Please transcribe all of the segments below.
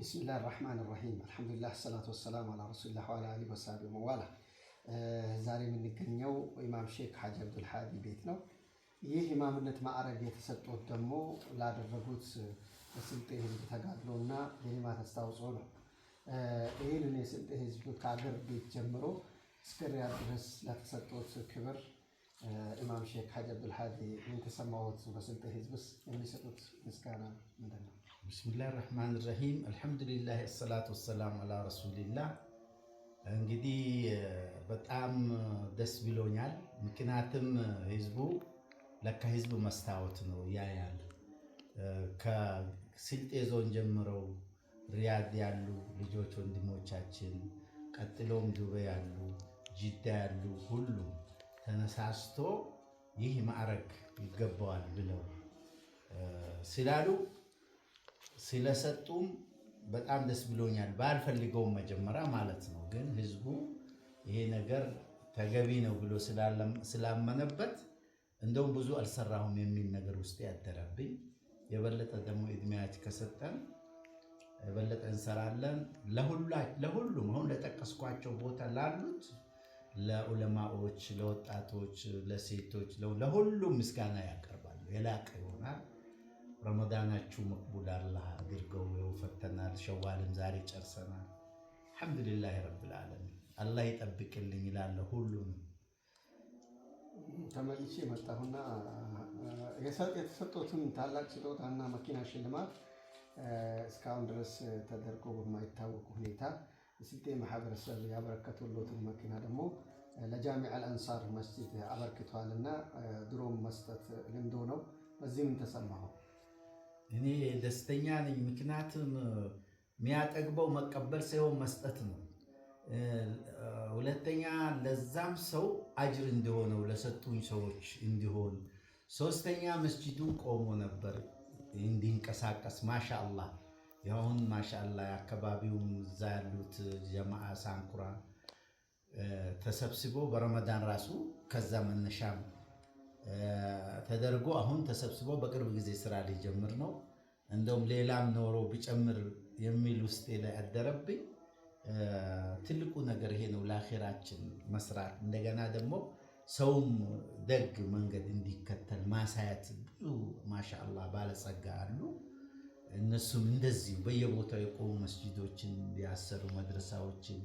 ቢስሚላህ ራህማን ራሂም አልሐምዱሊላህ ሰላቱ ወሰላም አላ ረሱሊላህ ወአላ አሊሂ ወሳቢ መዋላ ዛሬ የምንገኘው ኢማም ሼክ ሀጂ አብዱልሃዲ ቤት ነው። ይህ ኢማምነት ማዕረግ የተሰጡት ደግሞ ላደረጉት በስልጤ ህዝብ ተጋድሎ እና የልማት አስተዋጽኦ ነው። ይህንን የስልጤ ህዝብ ከአገር ቤት ጀምሮ እስከ ሪያድ ድረስ ለተሰጡት ክብር ኢማም ሼክ ሀጅ አብዱልሃዲ የተሰማሁት በስልጤ ህዝብስ የሚሰጡት ምስጋና ምንድን ነው? ብስሚላህ ራህማን ረሂም አልሐምዱሊላህ አሰላቱ ወሰላም አላ ረሱሊላህ። እንግዲህ በጣም ደስ ብሎኛል። ምክንያቱም ህዝቡ ለካ ህዝቡ መስታወት ነው ያያል። ከስልጤ ዞን ጀምረው ሪያድ ያሉ ልጆች ወንድሞቻችን፣ ቀጥሎም ዱቤ ያሉ፣ ጅዳ ያሉ ሁሉ ተነሳስቶ ይህ ማዕረግ ይገባዋል ብለው ስላሉ ስለሰጡም በጣም ደስ ብሎኛል። ባልፈልገውም መጀመሪያ ማለት ነው። ግን ህዝቡ ይሄ ነገር ተገቢ ነው ብሎ ስላመነበት እንደውም ብዙ አልሰራሁም የሚል ነገር ውስጥ ያደረብኝ የበለጠ ደግሞ እድሜያች ከሰጠን የበለጠ እንሰራለን። ለሁሉም አሁን ለጠቀስኳቸው ቦታ ላሉት ለዑለማዎች፣ ለወጣቶች፣ ለሴቶች፣ ለሁሉም ምስጋና ያቀርባሉ። የላቀ ይሆናል። ረመዳናችሁ መቅቡል አላህ አድርገው። ይኸው ፈተናል፣ ዛሬ ጨርሰናል። አልሐምዱሊላህ ረብል ዓለሚን አላህ ይጠብቅልኝ ይላለ ሁሉም ተመልሼ መጣሁና የተሰጡትን ታላቅ ስጦታና መኪና ሽልማት እስካሁን ድረስ ተደርጎ በማይታወቅ ሁኔታ የስልጤ ማህበረሰብ ያበረከቱለትን መኪና ደግሞ ለጃሚዕ አልአንሳር መስጂድ አበርክተዋል እና ድሮም መስጠት ልምዶ ነው። በዚህ ምን ተሰማኸው? እኔ ደስተኛ ነኝ። ምክንያቱም የሚያጠግበው መቀበል ሳይሆን መስጠት ነው። ሁለተኛ ለዛም ሰው አጅር እንደሆነው ለሰጡኝ ሰዎች እንዲሆን፣ ሶስተኛ መስጂዱ ቆሞ ነበር እንዲንቀሳቀስ ማሻ አላህ ያሁን ማሻላ አካባቢውም እዛ ያሉት ጀማዓ ሳንኩራ ተሰብስቦ በረመዳን ራሱ ከዛ መነሻም ተደርጎ አሁን ተሰብስቦ በቅርብ ጊዜ ስራ ሊጀምር ነው። እንደውም ሌላም ኖሮ ቢጨምር የሚል ውስጤ ላይ አደረብኝ። ትልቁ ነገር ይሄ ነው፣ ለአኼራችን መስራት እንደገና ደግሞ ሰውም ደግ መንገድ እንዲከተል ማሳየት። ብዙ ማሻአላህ ባለጸጋ አሉ። እነሱም እንደዚሁ በየቦታው የቆሙ መስጂዶችን ያሰሩ መድረሳዎችን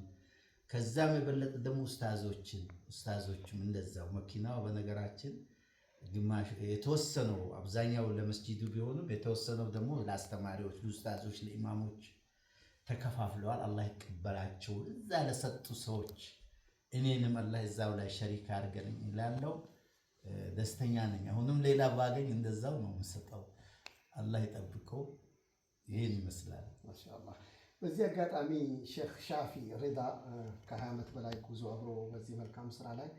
ከዛም የበለጠ ደግሞ ኡስታዞችን ኡስታዞችም እንደዛው መኪናው በነገራችን ግማሽ የተወሰነው አብዛኛው ለመስጂዱ ቢሆንም የተወሰነው ደግሞ ለአስተማሪዎች፣ ለኡስታዞች፣ ለኢማሞች ተከፋፍለዋል። አላህ ይቀበላቸው። እዛ ለሰጡ ሰዎች እኔንም አላህ እዛው ላይ ሸሪክ አድርገን ይላለው። ደስተኛ ነኝ። አሁንም ሌላ ባገኝ እንደዛው ነው የምሰጠው። አላህ ይጠብቀው። ይህን ይመስላል። ማሻአላ። በዚህ አጋጣሚ ሼክ ሻፊ ሬዳ ከሀያ ዓመት በላይ ጉዞ አብሮ በዚህ መልካም ስራ ላይ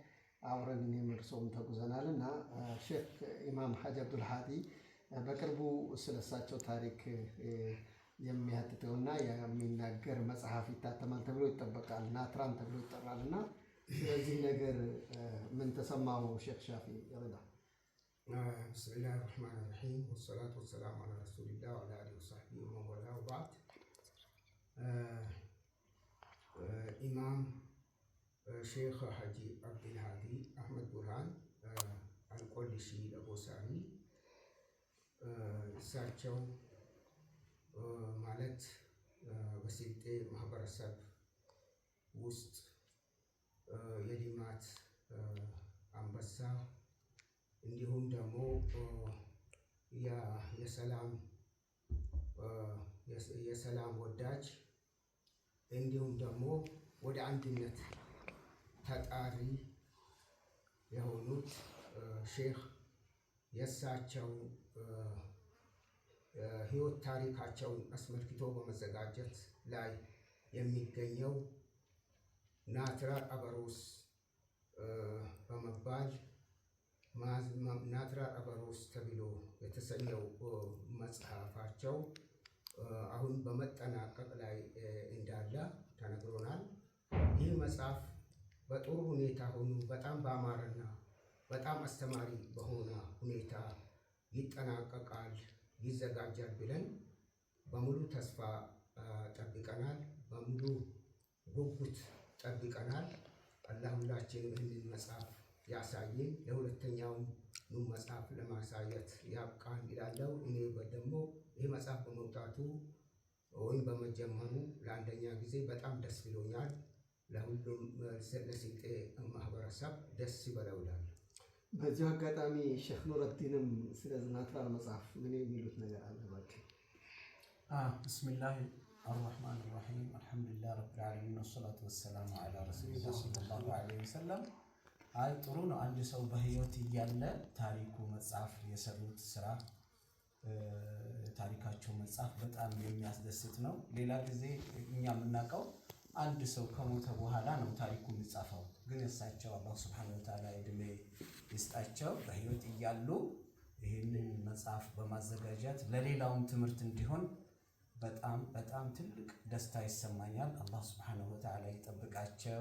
አብረን እኔም እርሶም ተጉዘናል እና ሼክ ኢማም ሐጅ አብዱልሃዲ በቅርቡ ስለሳቸው ታሪክ የሚያትተውና የሚናገር መጽሐፍ ይታተማል ተብሎ ይጠበቃል። ናትራን ተብሎ ይጠራል እና ስለዚህ ነገር ምን ተሰማው ሼክ ሻፊ ሬዳ? بسم الله الرحمن الرحيم والصلاة والسلام على رسول الله وعلى آله وصحبه ومن والاه وبعد آه، إمام آه، شيخ حجي عبد الهادي أحمد برهان القدسي أبو سامي እሳቸው ማለት በስልጤ ማህበረሰብ ውስጥ የልማት أمبسا እንዲሁም ደግሞ የሰላም የሰላም ወዳጅ እንዲሁም ደግሞ ወደ አንድነት ተጣሪ የሆኑት ሼህ የእሳቸው ህይወት ታሪካቸውን አስመልክቶ በመዘጋጀት ላይ የሚገኘው ናትራ አበሮስ በመባል ናትራ ቀበሮስ ተብሎ የተሰኘው መጽሐፋቸው አሁን በመጠናቀቅ ላይ እንዳለ ተነግሮናል። ይህ መጽሐፍ በጥሩ ሁኔታ ሆኖ በጣም በአማረና በጣም አስተማሪ በሆነ ሁኔታ ይጠናቀቃል፣ ይዘጋጃል ብለን በሙሉ ተስፋ ጠብቀናል። በሙሉ ጉጉት ጠብቀናል። አላህ ሁላችንም ይህንን መጽሐፍ ያሳየን ለሁለተኛውም መጽሐፍ ለማሳየት ያብቃን ይላለው። እኔ ደግሞ ይህ መጽሐፍ በመውጣቱ ወይም በመጀመሩ ለአንደኛ ጊዜ በጣም ደስ ብሎኛል። ለሁሉም ለስልጤ ማህበረሰብ ደስ ይበለው ይላል። በዚሁ አጋጣሚ ሼክ ኑረዲንም ስለ ናትራል መጽሐፍ ምን የሚሉት ነገር አለ? እባክህ። ብስሚላህ አርራህማን ራሒም አልሐምዱሊላህ ረቢልዓለሚን ወሰላቱ ወሰላሙ ዐላ ረሱሊላህ ሰለላሁ ዐለይሂ ወሰለም አይ ጥሩ ነው። አንድ ሰው በህይወት እያለ ታሪኩ መጽሐፍ የሰሩት ስራ ታሪካቸው መጽሐፍ በጣም የሚያስደስት ነው። ሌላ ጊዜ እኛ የምናውቀው አንድ ሰው ከሞተ በኋላ ነው ታሪኩ የሚጻፈው። ግን እሳቸው አላህ ሱብሓነሁ ወተዓላ እድሜ ይስጣቸው በህይወት እያሉ ይህንን መጽሐፍ በማዘጋጀት ለሌላውም ትምህርት እንዲሆን በጣም በጣም ትልቅ ደስታ ይሰማኛል። አላህ ሱብሓነሁ ወተዓላ ይጠብቃቸው።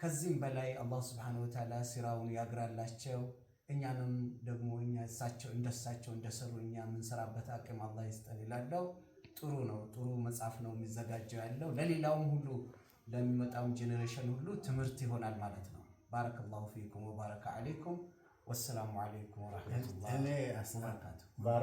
ከዚህም በላይ አላህ ስብሐነሁ ወተዓላ ሲራውን ያግራላቸው። እኛንም ደግሞ እኛ እሳቸው እንደሳቸው እንደሰሩ እኛ የምንሰራበት አቅም አላህ ይስጠን ይላለው። ጥሩ ነው። ጥሩ መጽሐፍ ነው የሚዘጋጀው ያለው ለሌላውም ሁሉ ለሚመጣውም ጄኔሬሽን ሁሉ ትምህርት ይሆናል ማለት ነው። ባረከላሁ ፊኩም ወባረከ አሌይኩም። ወሰላሙ አሌይኩም ወረሕመቱላሂ ወበረካቱህ።